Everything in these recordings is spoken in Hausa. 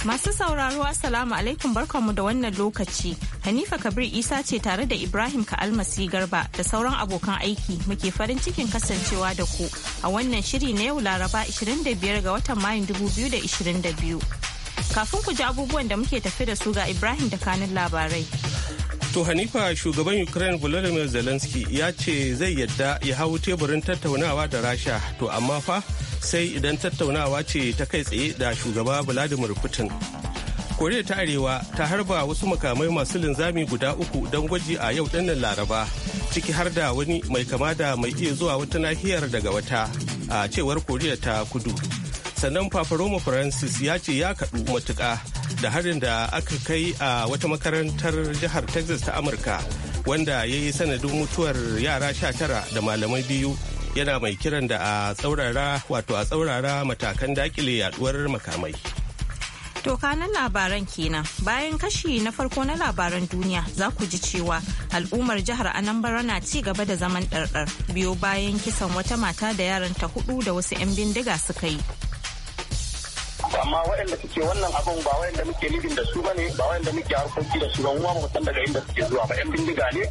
Masu sauraro Assalamu alaikum barkanmu da wannan lokaci. Hanifa Kabir Isa ce tare da Ibrahim Ka'almasi Garba da sauran abokan aiki muke farin cikin kasancewa da ku a wannan shiri na yau Laraba 25 ga watan Mayun 2022. Kafin ku ji abubuwan da muke tafi da su ga Ibrahim da kanun labarai. To Hanifa shugaban Ukraine Volodymyr Zelensky ya ce zai yadda ya hau teburin tattaunawa da Rasha to amma fa sai idan tattaunawa ce ta kai tsaye da shugaba Vladimir Putin. Koriya ta Arewa ta harba wasu makamai masu linzami guda uku don gwaji a yau dinnan Laraba ciki har da wani mai kama da mai iya zuwa wata nahiyar daga wata a cewar Koriya ta Kudu. Sannan Papa Francis ya ce ya kaɗu matuƙa da harin da aka kai a wata makarantar jihar Texas ta Amurka wanda ya yi sanadin mutuwar yara sha tara da malamai biyu yana mai kiran da a tsaurara wato a tsaurara matakan dakile yaduwar makamai. To kanan labaran kenan bayan kashi na farko na labaran duniya za ku ji cewa al'ummar jihar Anambra na ci gaba da zaman ɗarɗar biyo bayan kisan wata mata da yaranta hudu da wasu 'yan bindiga suka yi. amma waɗanda suke wannan abin ba waɗanda muke nufin da su bane ba waɗanda muke harkoki da su ba mu ba san daga inda suke zuwa ba yan bindiga ne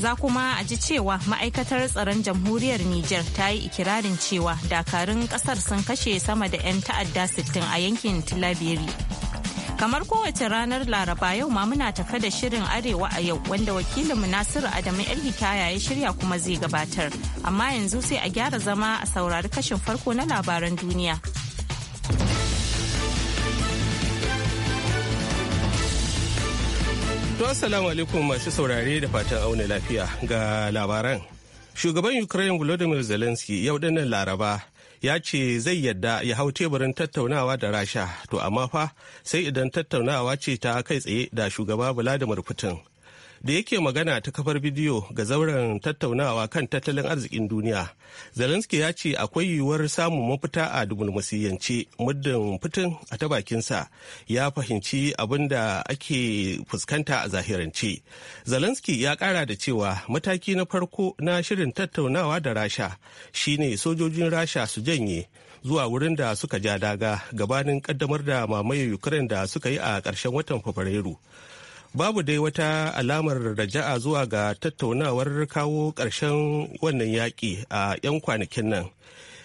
za kuma a ji cewa ma'aikatar tsaron jamhuriyar Nijar ta yi ikirarin cewa dakarun kasar sun kashe sama da 'yan ta'adda 60 a yankin tilabiri Kamar kowace ranar Laraba yau ma muna tafa da shirin Arewa a yau wanda wakilinmu Nasiru Adamu hikaya ya shirya kuma zai gabatar. Amma yanzu sai a gyara zama a saurari kashin farko na labaran duniya. To assalamu alaikum masu saurare da fatan auna lafiya ga labaran. Shugaban Ukraine Volodymyr Zelensky yau dinnan Laraba ya ce zai yadda ya hau teburin tattaunawa da Rasha to amma fa sai idan tattaunawa ce ta kai tsaye da shugaba Vladimir Putin. da yake magana ta kafar bidiyo ga zauren tattaunawa kan tattalin arzikin duniya zelensky ya ce akwai yiwuwar samun mafita a diflomasiyance muddin fitin a ta bakinsa ya fahimci abin da ake fuskanta a zahirance zelensky ya kara da cewa mataki na farko na shirin tattaunawa da rasha shine sojojin rasha su janye zuwa wurin da suka ja daga gabanin kaddamar da mamaye ukraine da suka yi a ƙarshen watan fabrairu babu dai wata alamar raja'a zuwa ga tattaunawar kawo ƙarshen wannan yaƙi a 'yan kwanakin nan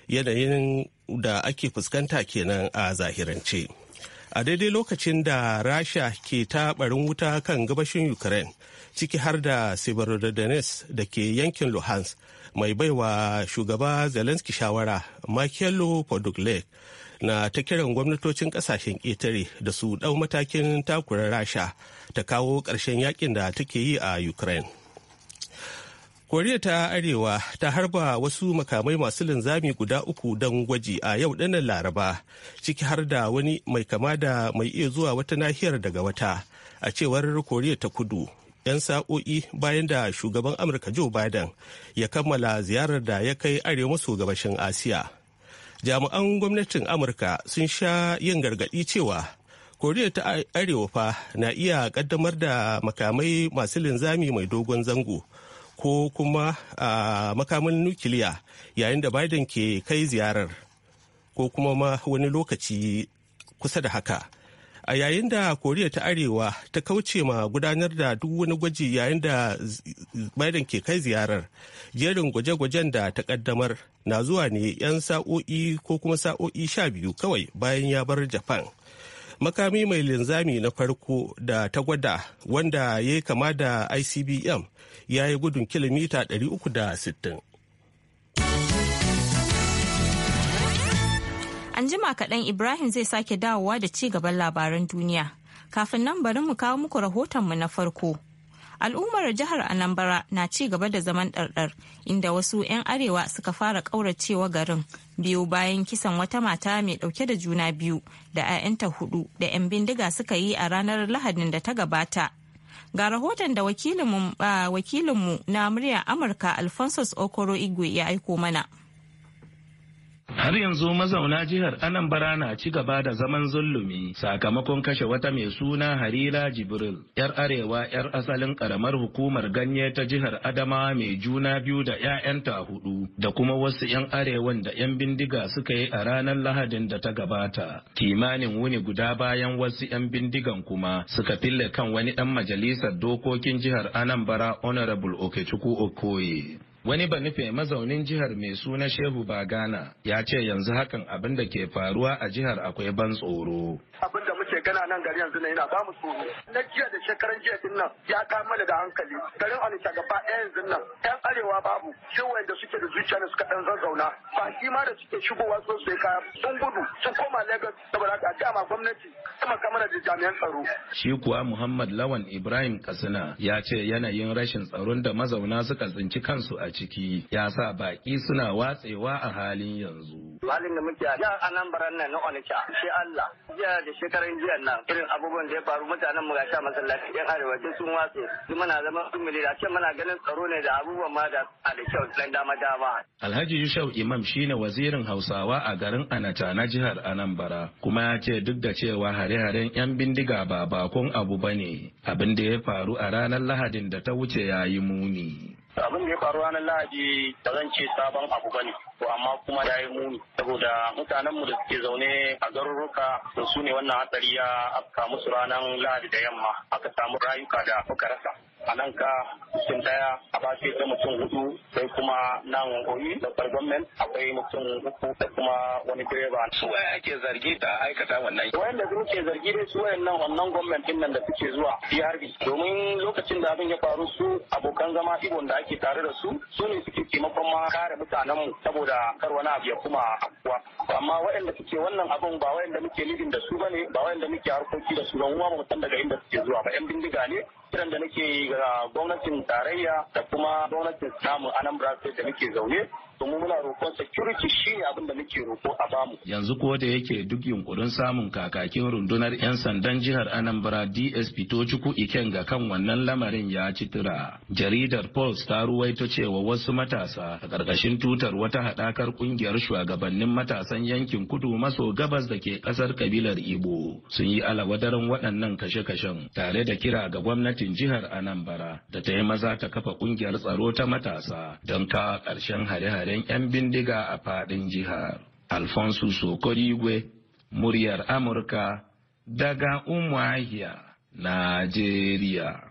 yanayin da ake fuskanta kenan a zahirance a daidai lokacin da rasha ke ta barin wuta kan gabashin ukraine ciki har da severodonetsk da ke yankin luhansk mai baiwa shugaba zelenski shawara Michaelo Podolak na ta kiran gwamnatocin kasashen ƙetare da su ɗau matakin takura rasha ta kawo ƙarshen yakin da take yi a ukraine koriya ta arewa ta harba wasu makamai masu linzami guda uku don gwaji a yau ɗanan laraba ciki har da wani mai kama da mai iya zuwa wata nahiyar daga wata a cewar koriya ta kudu 'yan sa'o'i bayan da shugaban amurka joe biden ya kammala ziyarar da ya kai arewa maso gabashin asiya jami'an gwamnatin amurka sun sha yin gargaɗi cewa koriya ta arewa na iya ƙaddamar da makamai masu linzami mai dogon zango ko kuma a makamin nukiliya yayin da biden ke kai ziyarar ko kuma ma wani lokaci kusa da haka a yayin da koriya ta arewa ta kauce ma gudanar da duk wani gwaji yayin da biden ke kai ziyarar jerin gwaje-gwajen da ta kaddamar na zuwa ne 'yan sa'o'i ko kuma sa'o'i sha biyu kawai bayan ya bar japan makami mai linzami na farko da ta gwada wanda ya yi kama da icbm ya yi gudun kilomita 360 An jima kaɗan Ibrahim zai sake dawowa da ci gaban labaran duniya. Kafin nan bari mu kawo muku rahotonmu na farko. Al'ummar jihar Anambra na ci gaba da zaman ɗarɗar inda wasu 'yan arewa suka fara ƙauracewa garin biyu bayan kisan wata mata mai ɗauke da juna biyu da 'ya'yanta hudu da 'yan bindiga suka yi a ranar Lahadin da ta gabata. Ga rahoton da wakilinmu ah, na muryar Amurka Alphonsus Okoro Igwe ya aiko mana. Har yanzu mazauna jihar Anambara na ci gaba da zaman zulumi sakamakon kashe wata mai suna Harira Jibril, 'yar arewa 'yar asalin karamar hukumar ganye ta jihar Adama mai juna biyu da 'ya'yanta hudu da kuma wasu 'yan arewan da 'yan bindiga suka yi a ranar Lahadin da ta gabata. Kimanin wuni guda bayan wasu 'yan bindigan kuma suka fille kan wani ɗan majalisar dokokin jihar Anambara Honorable Okechukwu Okoye. Wani ba nufe mazaunin jihar mai suna Shehu ba Bagana ya ce yanzu hakan abin da ke faruwa a jihar akwai ban tsoro. Abin ce gana nan gari yanzu na yana ba mu tsoro na jiya da shekaran jiya din nan ya ka mana da hankali garin Onitsha gaba ɗaya yanzu nan ɗan arewa babu shin da suke da zuciya ne suka ɗan zazzauna ba shi ma da suke shigowa su sai kaya sun gudu sun koma Lagos saboda haka dama gwamnati kuma mana da jami'an tsaro shi kuwa Muhammad Lawan Ibrahim Katsina ya ce yanayin rashin tsaron da mazauna suka tsinci kansu a ciki ya sa baƙi suna watsewa a halin yanzu malin da muke a jihar baran nan na onica shi allah jiya da shekarun jiya nan irin abubuwan da ya faru mutanen mu sha masallaci yan arewa duk sun watse su muna zama sun da ce muna ganin tsaro ne da abubuwan ma da a da kyau dan dama dama. alhaji yusuf imam shine wazirin hausawa a garin anata na jihar anambra kuma ya ce duk da cewa hare-haren yan bindiga ba bakon abu bane abin da ya faru a ranar lahadin da ta wuce ya yi muni. abin da ya faru ranar lahadi ba zan ce sabon abu bane to amma kuma ya yi muni saboda mutanen mu da suke zaune a garuruka to su ne wannan hatsari ya afka musu ranar lahadi da yamma aka samu rayuka da aka rasa alanka mutum daya a bashi da mutum hudu sai kuma nan goyi da gwamnati akwai mutum uku da kuma wani direba. su waye ake zargi da aikata wannan wayan da ke zargi dai su wayan nan wannan gwamnatin nan da suke zuwa PRB domin lokacin da abin ya faru su abokan zama ibon da ake tare da su su ne suke taimakon ma kare mutanen mu saboda kar wani abu ya kuma afkuwa amma da suke wannan abin ba da muke lidin da su bane ba da muke harkoki da su ba mu san daga inda suke zuwa ba yan bindiga ne kiran da nake ga gwamnatin tarayya da kuma gwamnatin samun anambra state da muke zaune so muna roƙon security ne abin da muke roƙo a bamu yanzu ko da yake duk yunkurin samun kakakin rundunar yan sandan jihar Anambra DSP iken ga kan wannan lamarin ya ci tura jaridar Pulse ta ruwaito cewa wasu matasa a ƙarƙashin tutar wata haɗakar ƙungiyar shugabannin matasan yankin kudu maso gabas da ke ƙasar kabilar Ibo sun yi alawadaran waɗannan kashe-kashen tare da kira ga gwamnatin jihar Anambra da ta yi maza ta kafa ƙungiyar tsaro ta matasa don kawo ƙarshen hare-hare hare ƴan 'yan bindiga a faɗin jihar. Alfonso Sokorigwe, muryar Amurka daga Umuahia, Najeriya.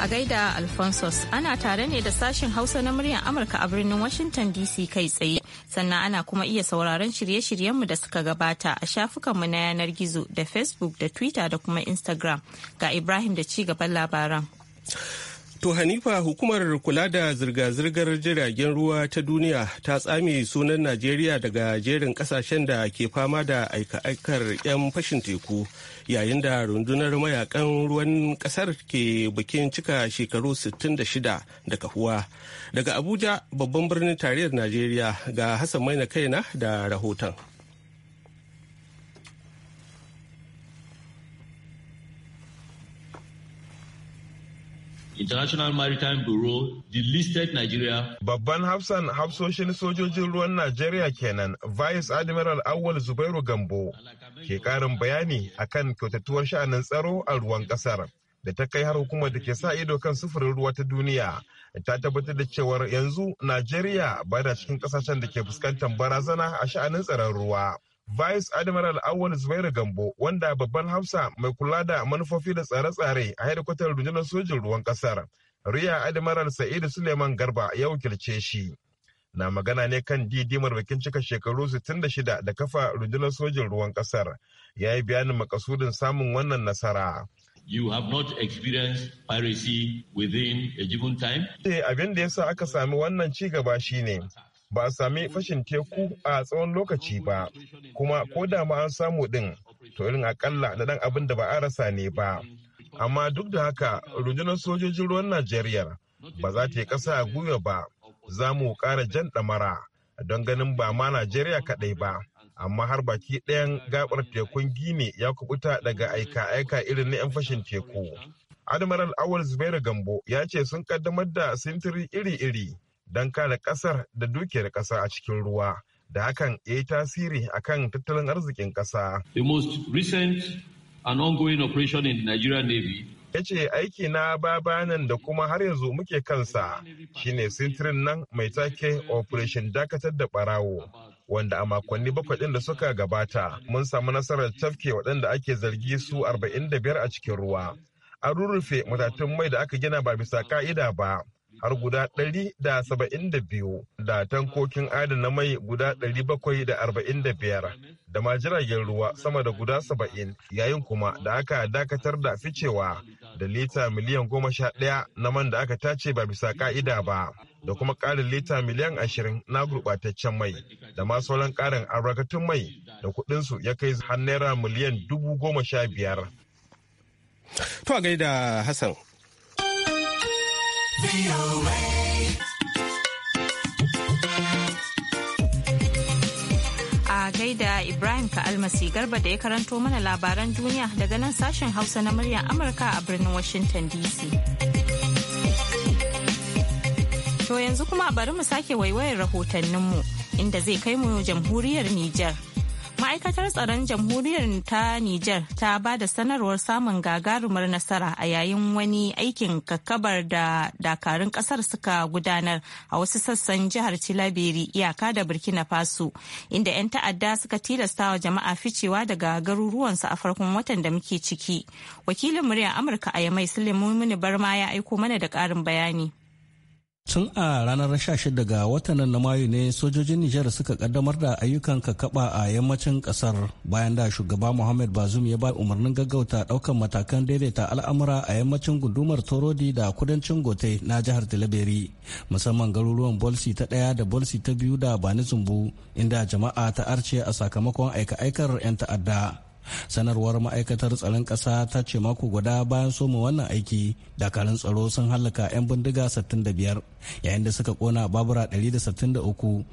A gaida Alphonsus ana tare ne da sashen Hausa na muryar Amurka a birnin Washington DC kai tsaye. Sannan ana kuma iya sauraron shirye-shiryenmu da suka gabata a shafukanmu na yanar gizo da Facebook da Twitter da kuma Instagram. Ga Ibrahim da ci gaban labaran. To Hanifa hukumar kula da zirga-zirgar jiragen ruwa ta duniya ta tsame sunan Najeriya daga jerin kasashen da ke fama da aika-aikar 'yan fashin teku yayin da rundunar mayakan ruwan kasar ke bikin cika shekaru 66 da kahuwa. Daga Abuja babban birnin tarayyar Najeriya ga Hassan Maina kaina da rahoton. International Maritime Bureau delisted Nigeria. Babban hafsan hafsoshin sojojin ruwan Najeriya kenan Vice Admiral Awal Zubairu Gambo ke karin bayani akan kyautatuwar sha'anin tsaro a ruwan kasar. da ta kai har hukumar da ke sa ido kan sufurin ruwa ta duniya ta tabbatar da cewar yanzu najeriya bada cikin kasashen da ke fuskantar barazana a sha'anin tsaron ruwa Vice Admiral Awon Zubairu Gambo wanda babban hausa mai kula da manufofi da tsare-tsare a hedikwatar rundunar sojin ruwan kasar. Riya Admiral Sa'idu Suleiman Garba ya wakilce shi. Na magana ne kan didimar bikin cika shekaru 66 da kafa rundunar sojin ruwan kasar. Ya yi bayanin makasudin samun wannan nasara. you have not experienced piracy within a given time. Eh, abin da ya sa aka sami wannan ci gaba shine ba a sami fashin teku a tsawon lokaci ba kuma ko da ma an samu din to irin akalla na dan abin da ba a rasa ne ba amma duk da haka rundunar sojojin ruwan najeriya ba za ta yi ƙasa a gwiwa ba za mu ƙara jan ɗamara don ganin ba ma najeriya kaɗai ba amma har baki ɗayan gabar tekun gini ya kubuta daga aika-aika irin na 'yan fashin teku. Admiral Awal Zubairu Gambo ya ce sun ƙaddamar da sintiri iri-iri don kare ƙasar da dukiyar ƙasa a cikin ruwa da hakan ya yi tasiri kan tattalin arzikin ƙasa. The most recent and ongoing operation in Nigeria Nigerian Navy ya ce aiki na babanan da kuma har yanzu muke kansa shine sintirin nan mai take operation dakatar da barawo wanda a makonni bakwai ɗin da suka gabata mun samu nasarar tafke waɗanda ake zargi su arba'in da biyar a cikin ruwa an rurrufe matatun mai da aka gina ba bisa ka'ida ba har guda 172 da tankokin adana mai guda 745 da ma jiragen ruwa sama da guda 70 yayin kuma da aka dakatar da ficewa da lita miliyan 11 na man da aka tace ba bisa ka'ida ba da kuma ƙarin lita miliyan 20 na gurɓataccen mai da ma sauran ƙarin arrakatun mai da kuɗinsu ya kai har naira miliyan 15. To a gaida Hassan A gaida Ibrahim Ka'almasi Garba da ya karanto mana labaran duniya daga nan sashen Hausa na muryar Amurka a birnin Washington DC. To yanzu kuma bari mu sake waiwayar rahotanninmu inda zai kai mu jamhuriyar Nijar. ma'aikatar tsaron jamhuriyar ta nijar ta ba da sanarwar samun gagarumar nasara a yayin wani aikin kakkabar da dakarun kasar suka gudanar a wasu sassan jihar tilaberi iyaka da burkina faso inda 'yan ta'adda suka tilasta wa jama'a ficewa daga garuruwansu a farkon watan da muke ciki wakilin muryar amurka a yamai suleiman barma ya aiko mana da ƙarin bayani Tun a ranar 16 ga watanan na Mayu ne sojojin Nijar suka kaddamar da ayyukan kakaba a yammacin kasar bayan da shugaba Muhammad Bazum ya ba umarnin gaggauta daukan matakan daidaita al'amura a yammacin gundumar Torodi da kudancin Gote na jihar Talabiri musamman garuruwan Bolsi ta ɗaya da Bolsi ta biyu da Bani Zumbu inda jama'a ta arce a sakamakon aika-aikar 'yan ta'adda. sanarwar ma'aikatar tsaron ƙasa ta ce mako guda bayan soma wannan aiki dakarun tsaro sun hallaka 'yan bindiga 65 yayin da suka kona babura 163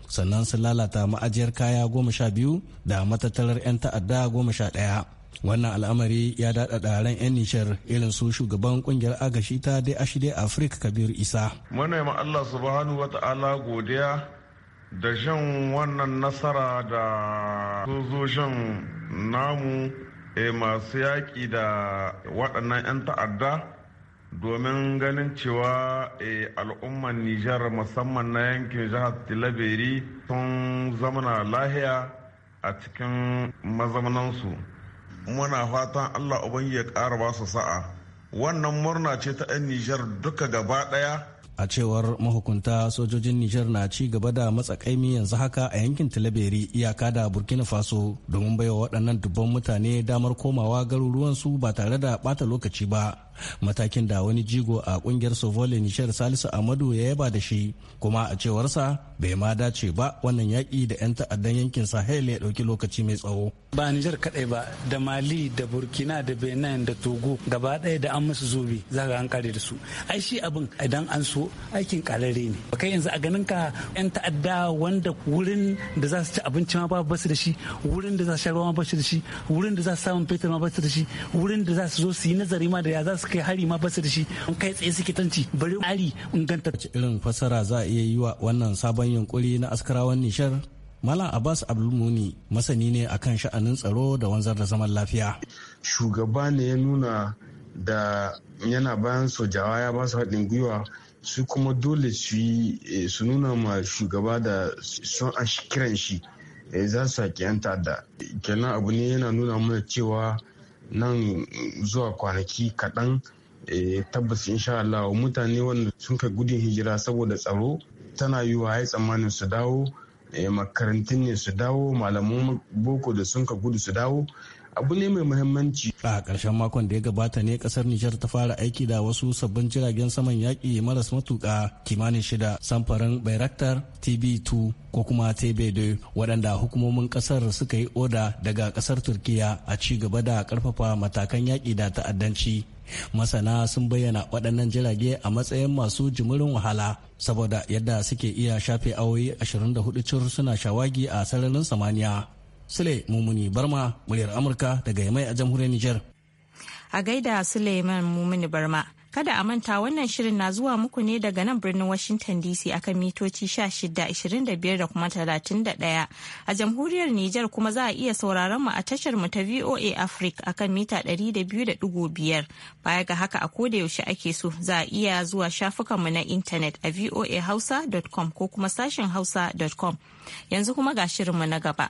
sannan sun lalata ma'ajiyar kaya 12 da matattarar 'yan ta'adda 11 wannan al'amari ya daɗaɗa ran 'yan nishar irin su shugaban kungiyar agashi ta dai dai afirka Kabiru isa manoma allah subhanahu wa ta'ala godiya da shan wannan nasara da sojojin namu eh, masu yaƙi da waɗannan 'yan ta'adda domin ganin cewa eh, al'ummar nijar musamman na yankin jihar tilaberi sun zamana lahiya a cikin mazamanansu muna fatan allah ubangi ya ƙara ba sa'a wannan murna ce ta 'yan nijar duka gaba ɗaya a cewar mahukunta sojojin nijar na ci gaba da matsakaimi yanzu haka a yankin tilaberi iyaka da burkina faso domin baiwa waɗannan dubban mutane damar komawa garuruwansu ba tare da ɓata lokaci ba matakin da wani jigo a kungiyar sovole nishar salisu amadu ya yaba da shi kuma a cewarsa bai ma dace ba wannan yaƙi da 'yan ta'addan yankin sahel ya ɗauki lokaci mai tsawo ba nijar kaɗai ba da mali da burkina da benin da togo gaba ɗaya da an musu zobe za ka hankali da su ai shi abin idan an so aikin kalare ne kai yanzu a ganin ka 'yan ta'adda wanda wurin da za su ci abinci ma ba su da shi wurin da za su sha ruwa ma ba su da shi wurin da za su samun fetur ma ba su da shi wurin da za su zo su yi nazari ma da ya za su suka yi hari ma su da shi an kai tsaye suke tanci bari ari inganta irin fasara za a iya yi wa wannan sabon yunkuri na askarawan nishar Malam Abbas Abdulmuni masani ne akan sha'anin tsaro da wanzar da zaman lafiya. Shugaba ne ya nuna da yana bayan sojawa ya ba su haɗin gwiwa su kuma dole su eh, nuna ma shugaba da son a kiran shi eh, za su haƙi 'yan ta'adda. Kenan abu ne yana nuna mana cewa nan zuwa kwanaki kaɗan eh, tabbas insha Allah mutane wanda sun kai gudun hijira saboda tsaro tana yiwuwa ya tsammanin su dawo eh, makarantun ne su dawo malaman boko da sun ka gudu su dawo abu ne mai muhimmanci. A ƙarshen makon da ya gabata ne ƙasar Nijar ta fara aiki da wasu sabbin jiragen saman yaƙi maras matuƙa kimanin shida samfarin Bayraktar TB2 ko kuma TB2 waɗanda hukumomin ƙasar suka yi oda daga ƙasar Turkiya a ci gaba da ƙarfafa matakan yaƙi da ta'addanci. Masana sun bayyana waɗannan jirage a matsayin masu jimurin wahala saboda yadda suke iya shafe awoyi 24 cur suna shawagi a sararin samaniya. Sule Mumuni Barma muryar Amurka daga Yamai a jamhuriyar Nijar. A gaida Suleiman Mumuni Barma. Kada a manta wannan shirin na zuwa muku ne daga nan birnin Washington DC akan mitoci 1625 da kuma 31. A jamhuriyar Nijar kuma za a iya sauraron mu a tashar mu ta VOA Africa akan mita 200.5. Baya ga haka a koda yaushe ake so za a iya zuwa shafukanmu na intanet a voahausa.com ko kuma sashen hausa.com. Yanzu kuma ga shirin mu na gaba.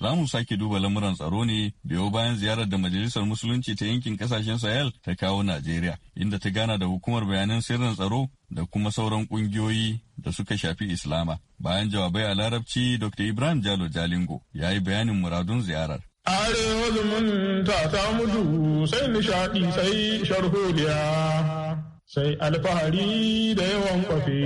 za mu sake duba lamuran tsaro ne biyo bayan ziyarar da majalisar musulunci ta yankin kasashen sahel ta kawo najeriya inda ta gana da hukumar bayanan sirrin tsaro da kuma sauran kungiyoyi da suka shafi islama bayan jawabai a larabci dr ibrahim jalo jalingo ya yi bayanin muradun ziyarar arewa zumunta ta mutu sai nishaɗi sai sharholiya sai alfahari da yawan kwafe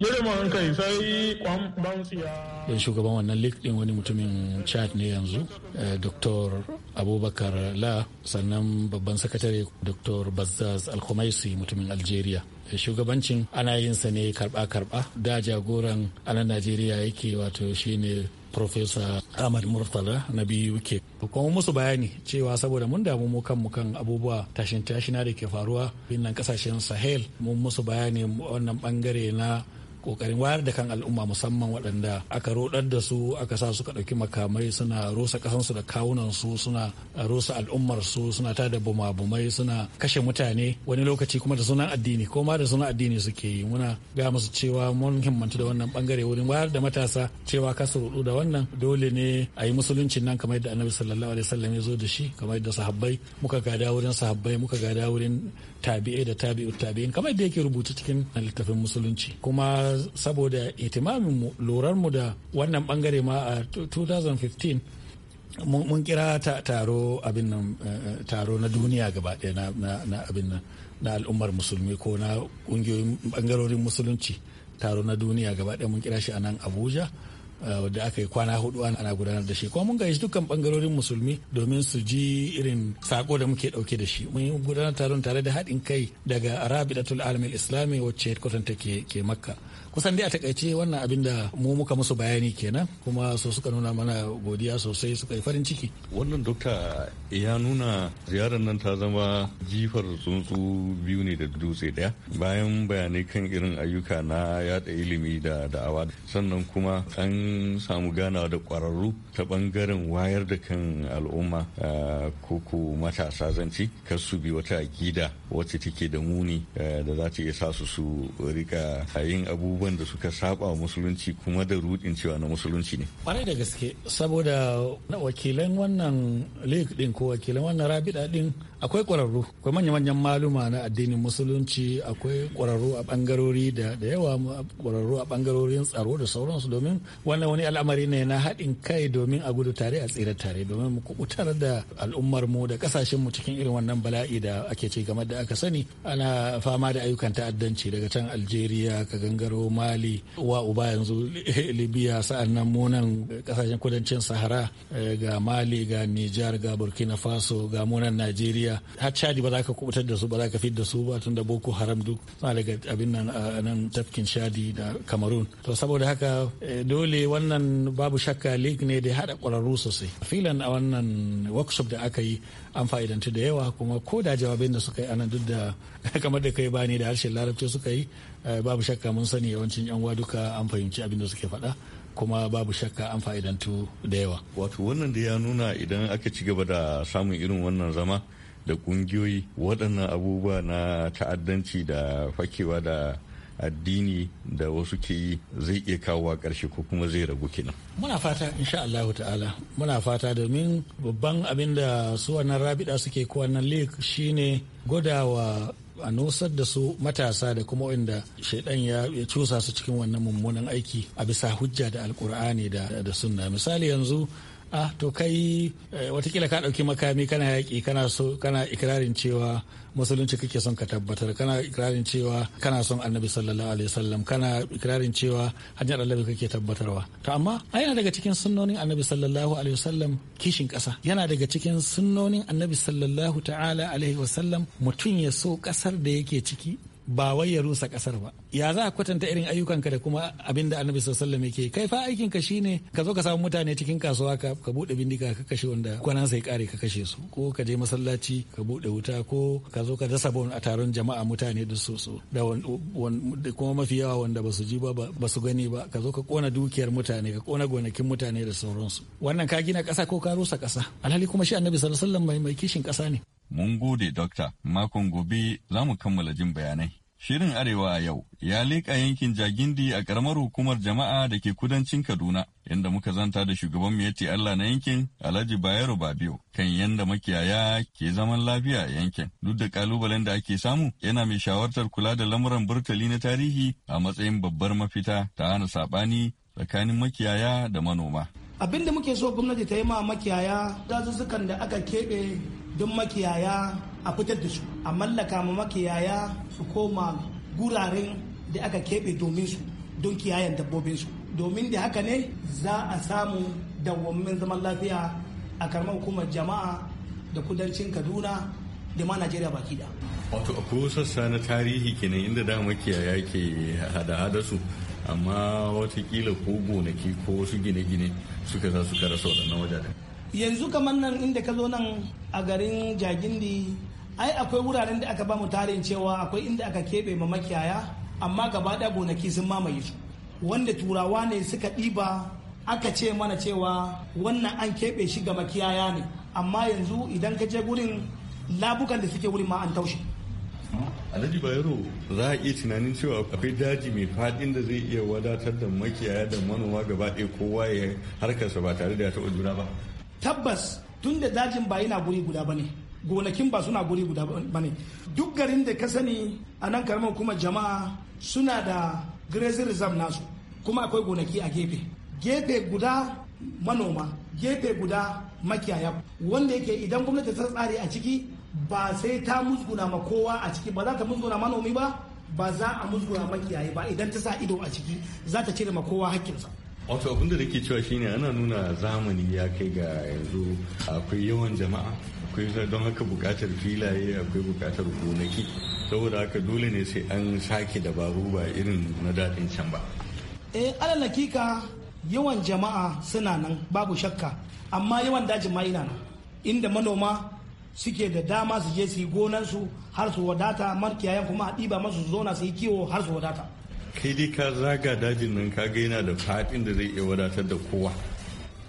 girman kai sai kwamban tsiya don shugaban wannan league din wani mutumin chad ne yanzu eh, dr abubakar la sannan babban sakatare dr bazzaz alkhumaisi mutumin algeria eh, shugabancin ana yin sa ne karba-karba da jagoran ana najeriya yake wato shine Profesa Ahmad Murtala na biyu ke kuma musu bayani cewa saboda mun damu mu kanmu kan abubuwa tashin tashina da ke faruwa nan kasashen Sahel mun musu bayani wannan bangare na kokarin wayar da kan al'umma musamman waɗanda aka rodar da su aka sa suka ɗauki makamai suna rusa ƙasansu da kawunan su suna rusa al'ummar su suna da bumabumai suna kashe mutane wani lokaci kuma da sunan addini ko ma da sunan addini suke yi muna ga musu cewa mun himmanta da wannan bangare wurin wayar da matasa cewa kasa rudu da wannan dole ne a yi musuluncin nan kamar yadda annabi sallallahu alaihi wasallam ya zo da shi kamar yadda sahabbai muka gada wurin sahabbai muka gada wurin tabi'ai da tabi'u tabi'in kamar da yake rubuta cikin littafin musulunci kuma saboda itimamin mu lurar mu da wannan bangare ma a 2015 mun kira taro abin nan eh, taro na duniya gaba ɗaya na abin nan na al'ummar musulmi ko na ƙungiyoyin bangarorin musulunci taro na duniya gaba ɗaya mun kira shi a nan abuja Eh, wadda aka yi kwana hudu ana gudanar da shi kuma mun gaishe dukkan bangarorin musulmi domin su ji irin sako da muke dauke da shi mun yi gudanar taron tare da haɗin kai daga arabi arabidatul alamin islami wacce headquarter take ke makka kusan dai a takaice wannan abin da mu muka musu bayani kenan kuma so suka nuna mana godiya sosai suka yi farin ciki wannan dokta ya nuna ziyarar nan ta zama jifar tsuntsu biyu ne da dutse daya bayan bayanai kan irin ayyuka na yada ilimi da da'awa sannan kuma an samu ganawa da kwararru ta bangaren wayar da kan al'umma koko matasa zanci kar su bi wata gida wacce take da muni da za ta iya sa su su rika yin abubuwa abubuwan da suka saba musulunci kuma da rudin cewa na musulunci ne kwarai da gaske saboda wakilan wannan league din ko wakilan wannan rabida din akwai kwararru akwai manya-manyan maluma na addinin musulunci akwai kwararru a bangarori da yawa kwararru a bangarorin tsaro da sauransu domin wannan wani al'amari ne na haɗin kai domin a gudu tare a tsira tare domin mu kubutar da al'ummar mu da kasashen mu cikin irin wannan bala'i da ake ci game da aka sani ana fama da ayyukan ta'addanci daga can Algeria ka gangaro mali wa uba yanzu libya nan munan kasashen kudancin sahara eh, ga mali ga nijar ga burkina faso ga munan najeriya har chadi ba za ka kubutar da su ba za ka fid da su ba tun da boko haram duk suna daga abin nan a nan tafkin chadi da cameroon to saboda haka eh, dole wannan babu shakka league ne da hada kwararru sosai filan a wannan workshop da aka yi an fa'idanci da yawa kuma ko da jawabin da suka yi anan duk da kamar da kai bani da harshen larabci suka yi Eh, babu shakka mun sani yawancin yan duka an fahimci abin da suke faɗa kuma babu shakka an fa'idantu da yawa wato wannan da ya nuna idan aka ci gaba da samun irin wannan zama da kungiyoyi waɗannan abubuwa na ta'addanci da fakewa da addini da wasu ke yi zai iya kawowa ƙarshe ko kuma zai ragu kenan. Muna fata insha Allah ta'ala muna fata domin babban abin da su wannan rabida suke ko wannan league shine gwada wa a nosar da su matasa da kuma wanda shaidan ya cusa su cikin wannan mummunan aiki a bisa hujja da alkur'ani da sunna misali yanzu a ah, to kai eh, watakila ka ɗauki makami kana yaƙi kana so kana ikirarin cewa musulunci kake son ka tabbatar kana ikirarin cewa kana son annabi sallallahu alaihi wasallam kana ikirarin cewa hanyar annabi kake tabbatarwa to amma yana daga cikin sunnonin annabi sallallahu alaihi wasallam kishin ƙasa yana daga cikin sunnonin annabi sallallahu ta'ala alaihi wasallam mutum ya so ƙasar da yake ciki ba wai ya rusa kasar ba ya za a kwatanta irin ayyukanka da kuma abin da annabi sallallahu yake kai fa aikin ka shine ka zo ka samu mutane cikin kasuwa ka ka bude bindiga ka kashe wanda kwanan sai kare ka kashe su ko ka je masallaci ka bude wuta ko ka zo ka dasa bon a taron jama'a mutane da su su da kuma mafi yawa wanda ba su ji ba ba su gani ba ka zo ka kona dukiyar mutane ka kona gonakin mutane da sauransu wannan ka gina kasa ko ka rusa kasa alhali kuma shi annabi sallallahu alaihi wasallam mai kishin kasa ne Mun gode, Dokta. Makon gobe za mu kammala jin bayanai. Shirin Arewa a yau ya leƙa yankin Jagindi a ƙaramar hukumar jama'a da ke kudancin Kaduna, Yadda muka zanta da shugaban Miyatti Allah na yankin Alhaji Bayero Babio kan yadda makiyaya ke zaman lafiya a yankin. Duk da ƙalubalen da ake samu, yana mai shawartar kula da lamuran burtali na tarihi a matsayin babbar mafita ta hana saɓani tsakanin makiyaya da manoma. Abin da muke so gwamnati ta yi ma makiyaya dazuzzukan da aka keɓe don makiyaya a fitar da su a mallaka ma makiyaya su koma guraren da aka keɓe domin su don kiyayen dabbobin su domin da haka ne za a samu dawwammin zaman lafiya a karamar hukumar jama'a da kudancin kaduna da ma najeriya baki da wato a sassa na tarihi kenan inda da makiyaya ke hada-hada su amma watakila ko gonaki ko wasu gine-gine suka za su kara waɗannan wajen?" yanzu kamar nan inda ka zo nan a garin jagindi ai akwai wuraren da aka ba mu tarin cewa akwai inda aka keɓe ma makiyaya amma gaba ɗaya gonaki sun mamaye su wanda turawa ne suka ɗiba aka ce mana cewa wannan an keɓe shi ga makiyaya ne amma yanzu idan ka je gurin labukan da suke wurin ma an taushe alhaji bayero za a iya tunanin cewa akwai daji mai fadin da zai iya wadatar da makiyaya da manoma gaba ɗaya kowa ya harkarsa ba tare da ya taɓa juna ba tabbas tun da dajin ba yana guri guda bane gonakin ba suna guri guda bane duk garin da ka sani a nan karamar kuma jama'a suna da grazing reserve nasu kuma akwai gonaki a gefe gefe guda manoma gefe guda makiyaya wanda yake idan gwamnati ta tsare a ciki ba sai ta musguna ma kowa a ciki ba za ta musguna manomi ba ba za a musguna makiyaye ba idan ta sa ido a ciki za ta cire ma kowa hakkinsa wato abin da nake cewa shine ana nuna zamani ya kai ga yanzu akwai yawan jama'a akwai don haka bukatar filaye akwai bukatar gonaki saboda haka dole ne sai an sake dabaru ba irin na daɗin can ba eh alal hakika yawan jama'a suna nan babu shakka amma yawan dajin ma ina nan inda manoma suke da dama su je su yi gonansu har su wadata markiyayen kuma a ɗiba masu zona su yi kiwo har su wadata kai dai ka zaga dajin nan ka ga yana da faɗin da zai iya wadatar da kowa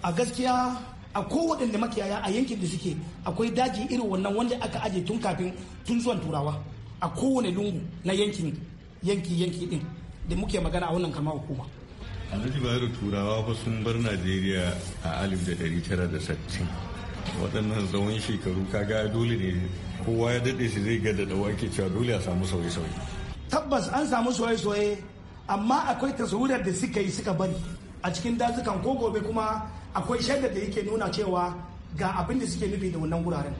a gaskiya a kowaɗanne makiyaya a yankin da suke akwai daji irin wannan wanda aka aje tun kafin tun zuwan turawa a kowane lungu na yankin yanki yanki din da muke magana a wannan kama hukuma alhaji bayero turawa fa sun bar najeriya a 1960 waɗannan tsawon shekaru kaga dole ne kowa ya daɗe shi zai gada da wake cewa dole a samu sauye-sauye tabbas an samu sauye-sauye amma akwai tasawurar da suka yi suka bari a cikin dazukan ko gobe kuma akwai shaidar da yake nuna cewa ga abin da suke nufi da wannan wuraren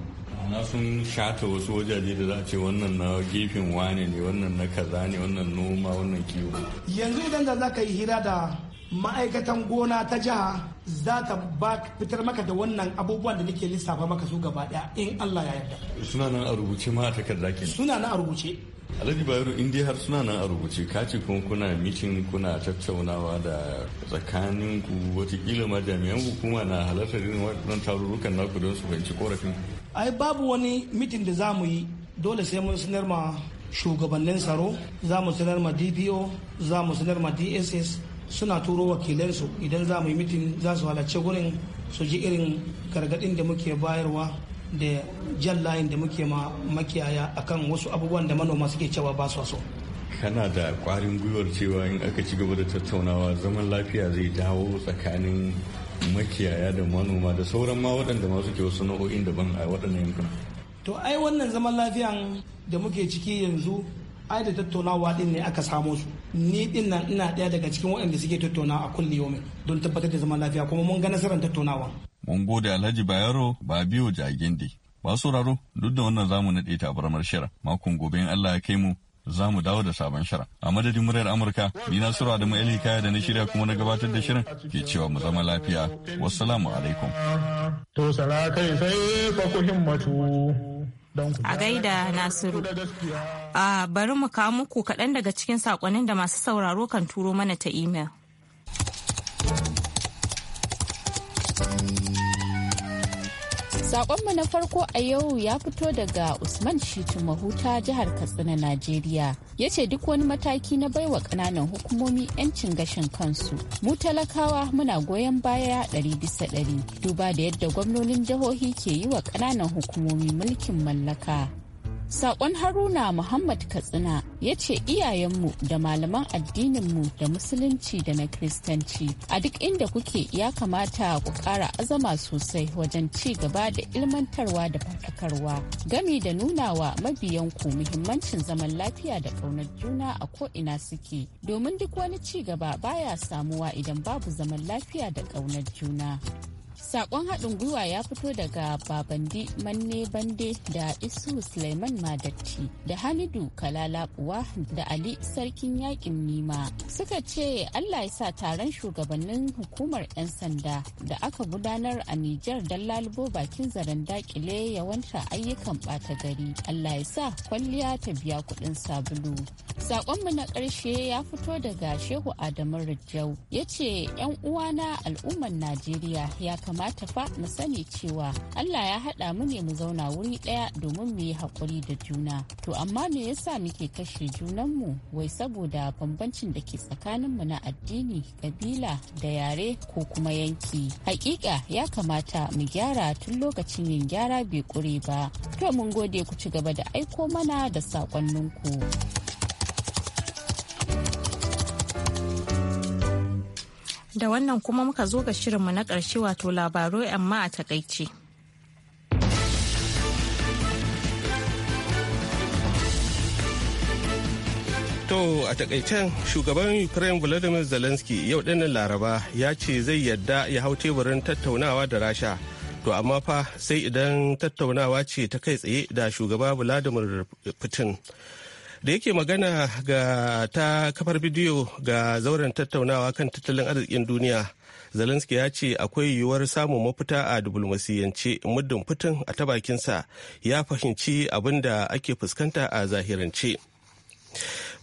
na sun shata wasu wajaje da za a ce wannan na gefen wane ne wannan na kaza ne wannan noma wannan kiwo yanzu idan da za ka yi hira da ma'aikatan gona ta jiha za ta ba fitar maka da wannan abubuwan da nake lissafa maka su gaba daya in Allah ya yarda suna nan a rubuce ma a takarda kenan suna nan a rubuce alhaji bayero in dai har suna nan a rubuce ka ce kuma kuna mitin kuna tattaunawa da tsakanin ku watakila ma jami'an hukuma na halartar irin waɗannan tarurrukan naku don su fahimci korafin ai babu wani mitin da za mu yi dole sai mun sanar ma shugabannin tsaro za mu sanar ma dpo za mu sanar ma dss suna turo wakilansu idan za mu yi mitin za su halarci gurin su ji irin gargaɗin da muke bayarwa da jan layin da muke ma makiyaya akan wasu abubuwan da manoma suke cewa ba su so kana da kwarin gwiwar cewa in aka ci gaba da tattaunawa zaman lafiya zai dawo tsakanin makiyaya da manoma da sauran ma waɗanda masu ke wasu nau'o'in daban a waɗannan yankuna to ai wannan zaman lafiyan da muke ciki yanzu ai tattaunawa din ne aka samo su ni din nan ina ɗaya daga cikin waɗanda suke tattaunawa a kulle yomin don tabbatar da zaman lafiya kuma mun ga nasarar tattaunawa. mun gode alhaji bayero ba biyo jagindi ba sauraro duk da wannan zamu naɗe ta tabarmar shira makon gobe in allah ya kai mu za mu dawo da sabon shira a madadin muryar amurka ni na sura da mu'ali kaya da na shirya kuma na gabatar da shirin ke cewa mu zama lafiya wassalamu alaikum to sala kai sai fa ku himmatu A gaida Nasiru. A bari mu kawo muku kaɗan daga cikin saƙonin da masu sauraro kan turo mana ta imel. Sakonmu na farko a yau ya fito daga Usman Shitu Mahuta jihar Katsina, Najeriya. Ya ce duk wani mataki na baiwa ƙananan hukumomi 'yancin gashin kansu. Mu talakawa muna goyon baya ɗari bisa ɗari. Duba da yadda gwamnonin jihohi ke yi wa ƙananan hukumomi mulkin mallaka. Sakon Haruna Muhammad Katsina ya ce iyayenmu da malaman addininmu da musulunci da na kiristanci a duk inda kuke ya kamata ku ƙara azama sosai wajen ci gaba da ilmantarwa da faɗakarwa gami da nunawa mabiyanku muhimmancin zaman lafiya da ƙaunar juna a ko'ina suke domin duk wani ci gaba baya samuwa idan babu zaman lafiya da ƙaunar juna. Sakon haɗin gwiwa ya fito daga Babandi Manne Bande da Isu Suleiman Madatti da Hamidu Kalalabuwa da Ali Sarkin yaƙin Nima. Suka ce Allah ya sa taron shugabannin hukumar 'yan sanda da aka gudanar a Nijar don lalubo bakin zaren dakile yawanta ayyukan ɓata gari. Allah ya sa kwalliya ta biya kuɗin sabulu. Sakonmu na ƙarshe ya fito daga Shehu Adamu rajau ya ce 'yan uwana al'ummar Najeriya ya kama. kamata fa mu sani cewa Allah ya haɗa mu ne mu zauna wuri ɗaya domin mu yi haƙuri da juna. To amma me yasa muke kashe junanmu wai saboda bambancin da ke tsakaninmu na addini, ƙabila da yare ko kuma yanki. Hakika ya kamata mu gyara tun lokacin yin gyara bai ƙure ba. To mun gode ku ci gaba da aiko mana da saƙonninku. da wannan kuma muka zo ga shirinmu na ƙarshe wato labaru amma a takaice. To a takaicen shugaban Ukraine Volodymyr Zelensky yau dinnan Laraba ya ce zai yadda ya hau teburin tattaunawa da Rasha. To amma fa sai idan tattaunawa ce ta kai tsaye da shugaba Vladimir Putin. da yake magana ga ta kafar bidiyo ga zauren tattaunawa kan tattalin arzikin duniya zelensky ya ce akwai yiwuwar samun mafita a dubulmasiyance muddin fitin a ta bakinsa ya fahimci abin da ake fuskanta a zahirance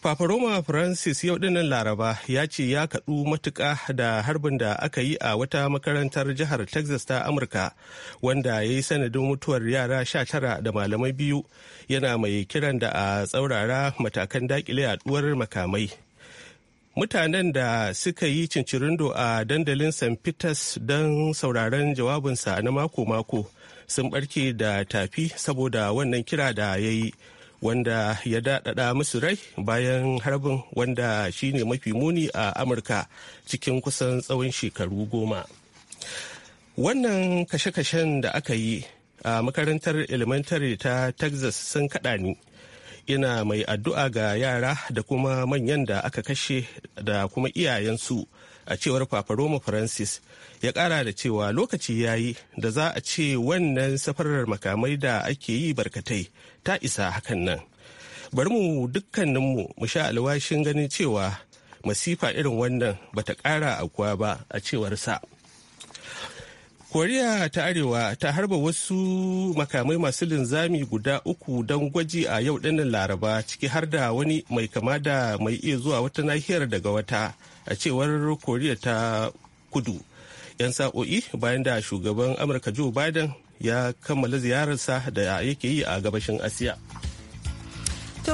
Roma Francis yau dinnan Laraba ya ce ya kaɗu matuƙa da harbin da aka yi a wata makarantar jihar Texas ta Amurka wanda ya yi sanadin mutuwar yara sha tara da malamai biyu yana mai kiran da a tsaurara matakan dakile yaduwar makamai. Mutanen da suka yi cincirindo a dandalin St. Peters don sauraron jawabinsa na mako-mako sun barke da tafi saboda wannan kira da ya yi. wanda ya daɗaɗa musu rai bayan harbin wanda shi ne mafi muni a amurka cikin kusan tsawon shekaru goma wannan kashe-kashen da aka yi a makarantar elementary ta texas sun kaɗa ni ina mai addu'a ga yara da kuma manyan da aka kashe da kuma iyayensu a cewar Roma francis ya kara da cewa lokaci ya yi da za a ce wannan safarar makamai da ake yi barkatai ta isa hakan nan bari mu dukkaninmu mu sha alwashin ganin cewa masifa irin wannan bata kara akuwa ba a cewar sa koriya ta arewa ta harba wasu makamai masu linzami guda uku don gwaji a yau dinnan laraba ciki har da wani mai kama da mai iya zuwa wata nahiyar daga wata a cewar koriya ta kudu 'yan sa'o'i bayan da shugaban amurka joe biden ya kammala ziyararsa da yake yi a gabashin asiya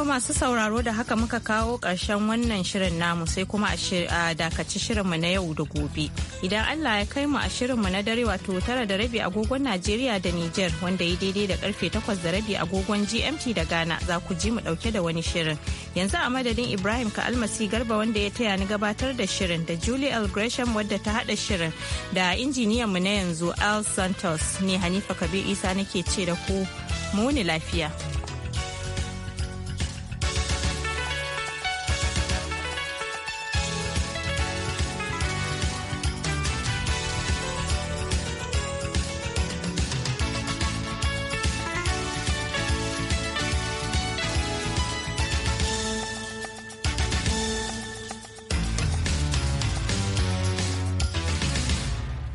To masu sauraro da haka muka kawo ƙarshen wannan shirin namu sai kuma a dakaci shirinmu na yau da gobe. Idan Allah ya kai mu a shirinmu na dare wato tara da rabi agogon Najeriya da niger wanda ya daidai da karfe takwas da rabi agogon GMT da Ghana za ku ji mu ɗauke da wani shirin. Yanzu a madadin Ibrahim ka almasi garba wanda ya taya ni gabatar da shirin da Julie L. Gresham wadda ta haɗa shirin da injiniyan mu na yanzu Al Santos ne Hanifa Kabir Isa nake ce da ku muni lafiya.